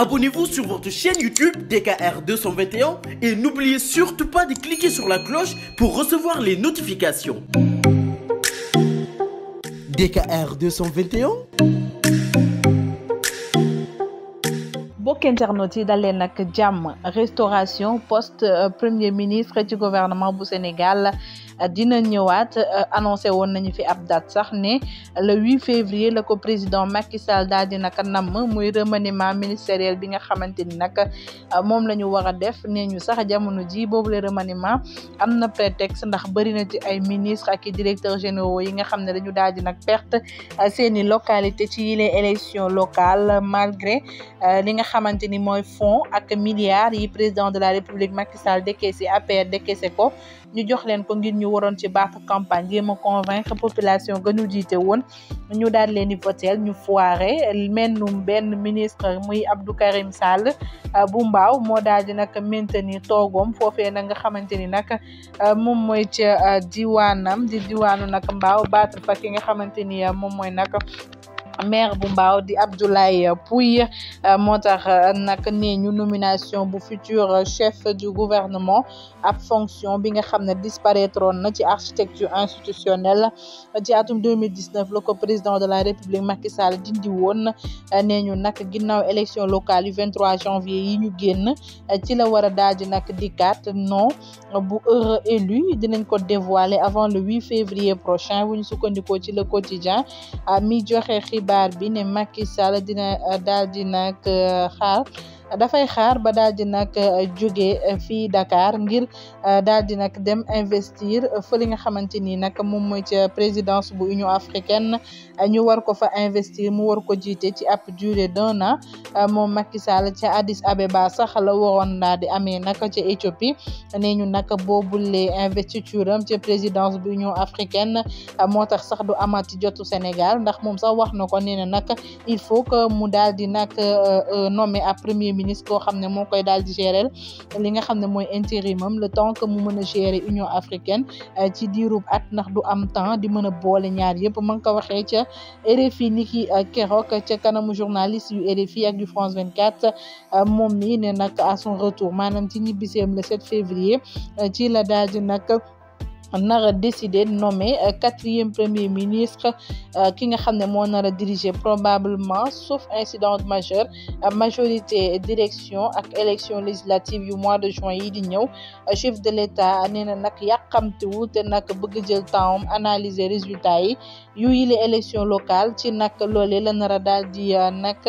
Abonnez-vous sur votre chaîne YouTube DKR et n'oubliez surtout pas de cliquer sur la cloche pour recevoir les notifications. DKR 221. mbokk internautes yi dal nag jàmm restauration poste euh, premier ministre ci gouvernement bu Sénégal. dina ñëwaat euh, annoncé woon nañu fi ab date sax ne le 8 février la ko président Macky Sall daal di naka namm muy remaniement ministériel bi nga xamante ni nag euh, moom la ñu war a def ne ñu sax jamono ji boobu le ma am na prétexte ndax bëri na ci ay ministre ak i directeurs généraux yi nga xam ne dañu daal di nag perte euh, seeni localité ci yile élection locale malgré li nga xamante ni mooy fonds ak milliards yi président de la république Macky Sall décaissé APR décaissé ko ñu ko ñu waroon ci baax campagne jéem a convaincre population gënu jiite woon ñu daal leen di votel ñu foiré mennum benn ministre muy Abdou Karim Sall euh, bu mbaaw moo daal di nag maintenir toogoom foofee nag nga xamante ni nag euh, moom mooy ca euh, diwaanam di diwaanu nag mbaaw battre fa ki nga xamante ni moom mooy nag maire bu Mbao di Abdoulaye Pouye euh, moo tax euh, nak nee ñu nomination bu futur chef du gouvernement ab fonction bi nga xam ne disparaîtroon na ci architecture institutionnelle euh, ci atum 2019 la ko président de la république Macky Sall dindi woon nee ñu nak ginnaaw élection locale yu 23 janvier yi ñu génn ci la war a daaji nag dikkaat non bu heureux élu dinañ ko dévoiler avant le 8 février prochain bu ñu sukkandikoo ci le quotidien mi joxe xibaar xibaar bi ne Macky Sall daal di nag eh, xaar. dafay xaar ba daal nag euh, jóge euh, fii Dakar ngir euh, daal di nag dem investir fële nga xamante ni nag moom mooy ca présidence bu Union africaine ñu war ko fa investir mu war ko jiite ci ab durée d'un an moom Macky Sall ca Addis ba sax la waroon daal di amee nag ca Éthiopie nee ñu nag boobulee investiture am ca présidence bu Union africaine moo tax sax du amati jotu Sénégal ndax moom sax wax na ko nee na nag il faut que mu daal di nag nommer ab premier ministre koo xam ne moo koy daal di gérer li nga xam ne mooy intérimam le temps que mu mën a gérer Union africaine euh, ci diirub at ndax du am temps di mën a boole ñaar yëpp ma ngi ko waxee ca RFI ni ki euh, keroog ca kanamu journaliste yu RFI ak yu France 24 euh, moom mi ne nag à son retour maanaam ci ñibbiseem le 7 février ci la daal di nara décidé nommer euh, quatrième premier ministre euh, ki nga xam ne moo nar a diriger probablement sauf incident majeur euh, majorité direction ak élection législative yu mois de juin yi di ñëw chef de l'État nee na nag yàqamtiwu te nag bëgg jël temps analyser résultats yi yu yile élection locale ci nag loolee la nar a daal di nag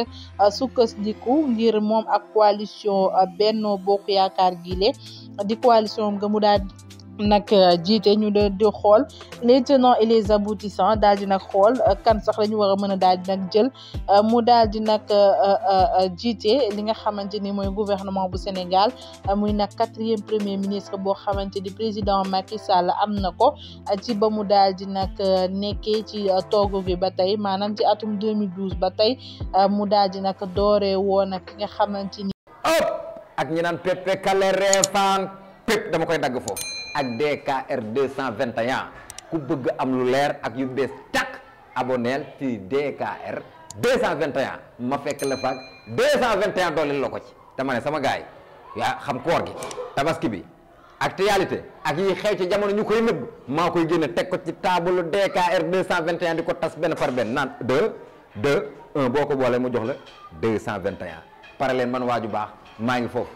diku ngir moom ak coalition Benno Bokk Yaakaar gile di coalition nga mu daal nag euh, jiite ñu de di xool les tenants et les aboutissants daal di nag xool euh, kan sax la ñu war a mën a daal di nag jël euh, mu daal di nag jiite li nga xamante ni mooy gouvernement bu Sénégal muy nag quatrième premier ministre boo xamante ni président Macky Sall am na ko ci ba mu daal di nag nekkee ci toogu bi ba tey maanaam ci atum 2012 ba tey mu daal di nag dooree woon ak nga xamante ni. ak ñi naan pepe kale reefaan pep dama koy dagg foofu. ak DKR 221 ku bëgg am lu leer ak yu bees tàkk aboneel ci DKR 221 ma fekk la faak 221 dooleel la ko ci te ma ne sama gaay yaa xam koor gi tabaski bi actualité ak yi xew ci jamono ñu koy nëbb maa koy génne teg ko ci r taabalu DKR 221 di ko tas benn par benn naan 2 2 boo ko boolee mu jox la 221 pare leen man waaju baax maa ngi foofu